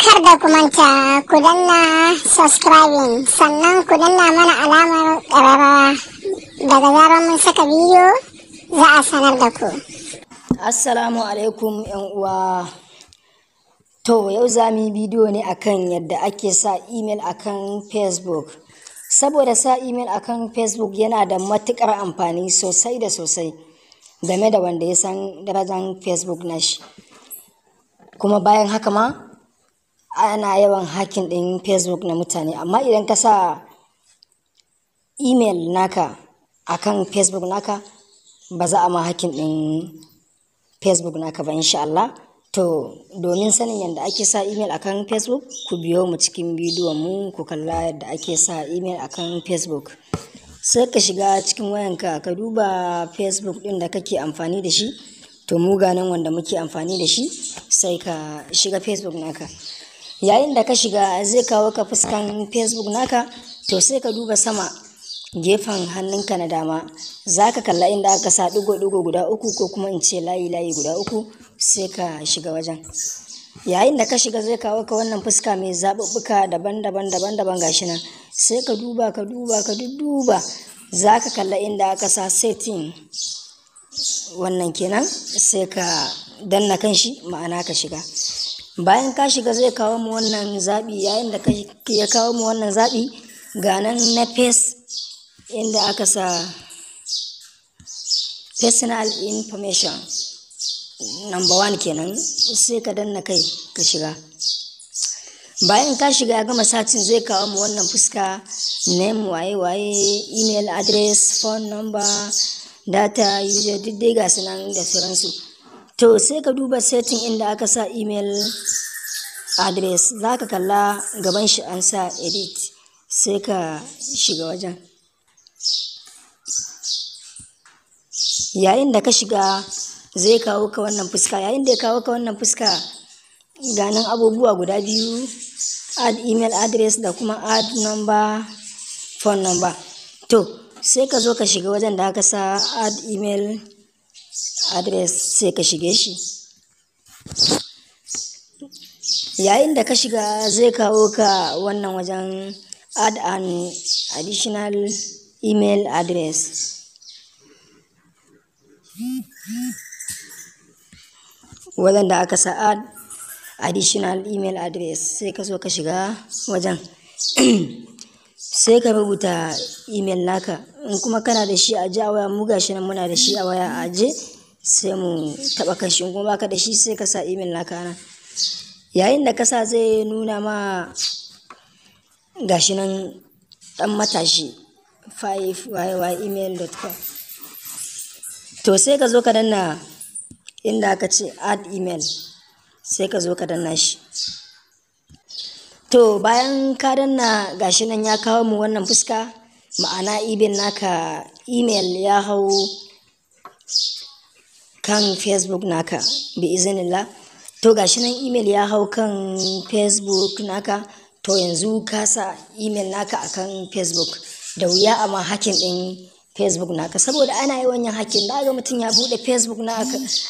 Kar da ku manta ku danna subscribing sannan ku danna mana alamar ƙararrawa daga zarar mun saka bidiyo za a sanar da ku. Assalamu alaikum uwa. To yau za mu yi bidiyo ne akan yadda ake sa email akan Facebook. Saboda sa email akan Facebook yana da matukar amfani sosai da sosai game da wanda ya san darajar Facebook nashi. kuma bayan haka ma ana yawan hakin ɗin facebook na mutane amma idan ka sa email naka akan facebook naka ba za a ma hakin ɗin facebook naka ba insha Allah to domin sanin yadda ake sa email akan facebook ku biyo mu cikin bidiyon mu ku kalla yadda ake sa email akan facebook sai ka shiga cikin wayanka ka duba facebook ɗin da kake amfani da shi to mu wanda muke amfani da shi sai ka shiga facebook naka yayin da ka shiga zai kawo ka fuskan facebook naka to sai ka duba sama gefen hannunka na dama za ka kalla inda aka sa ɗigo-ɗigo guda uku ko kuma in ce layi-layi guda uku sai ka shiga wajen yayin da ka shiga zai kawo ka wannan fuska mai zaɓuɓɓuka daban-daban daban-daban gashi nan sai ka duba ka duba ka duba za ka kalla inda aka sa setting wannan kenan sai ka danna kan shi ma'ana ka shiga bayan ka shiga zai kawo mu wannan zaɓi yayin da ya kawo mu wannan zaɓi ga nan na face inda aka sa personal information number one kenan sai ka danna kai ka shiga bayan ka shiga ya gama satin zai kawo mu wannan fuska name waye waye email address phone number data user duk dai ga nan da sauransu to sai ka duba setting inda aka sa email address za ka kalla gaban shi an sa edit sai ka shiga wajen yayin da ka shiga zai kawo ka wannan fuska yayin da ya kawo ka wannan fuska ganin abubuwa guda biyu add email address da kuma add number phone number to sai ka zo ka shiga wajen da aka sa add email adres sai ka shige shi yayin da ka shiga zai kawo ka wannan wajen add an additional email address wajen da aka sa add additional email address sai ka zo ka shiga wajen sai ka rubuta imel naka in kuma kana da shi a je a waya mu gashi nan muna da shi a waya a je sai mu taba kashi in kuma baka da shi sai ka sa imel naka nan yayin da kasa zai nuna ma gashi nan dan matashi 5yy to sai ka zo ka danna inda aka ce add email sai ka zo ka danna shi to bayan ka danna gashi nan ya kawo mu wannan fuska ma'ana ibin naka email ya hau kan facebook naka bi to gashi nan email ya hau kan facebook naka to yanzu ka sa email naka akan facebook da wuya amma hakin din facebook naka saboda ana yawan yin hakin da ga mutum ya bude facebook na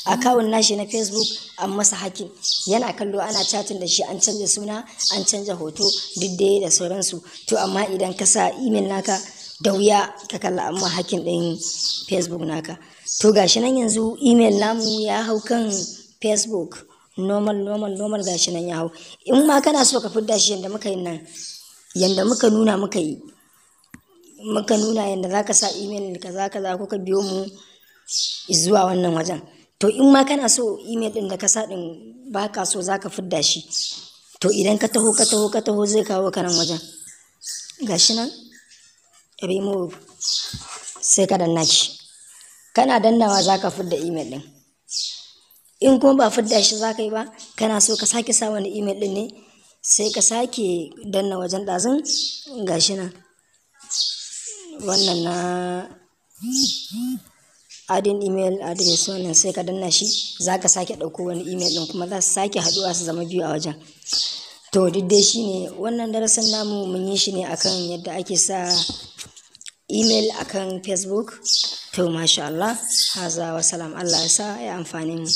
akawun nashi na facebook an masa hakin yana kallo ana chatting da shi an canza suna an canza hoto duk da da sauransu to amma idan ka sa email naka da wuya ka kalla amma hakin din facebook naka to gashi nan yanzu email namu ya hau kan facebook normal normal normal gashi nan ya hau in ma kana so ka fidda shi yanda muka yi nan yadda muka nuna muka yi maka nuna yadda za ka sa email ka za ko ka biyo mu zuwa wannan wajen to in ma kana so email din da ka sa din ba ka so za ka fidda shi to idan ka taho ka taho ka taho zai kawo ka nan wajen gashi nan remove sai ka danna shi kana dannawa za ka fidda email din in kuma ba fidda shi za ka yi ba kana so ka sake sa wani email din ne sai ka sake danna wajen ɗazun gashi nan wannan na adin email address wannan sai ka danna shi za ka sake ɗauko wani email ɗin kuma za su sake haɗuwa su zama biyu a wajen to duk dai shi ne wannan darasin namu mun yi shi ne akan yadda ake sa email akan facebook to masha Allah haza wa salam Allah ya sa ya amfani mu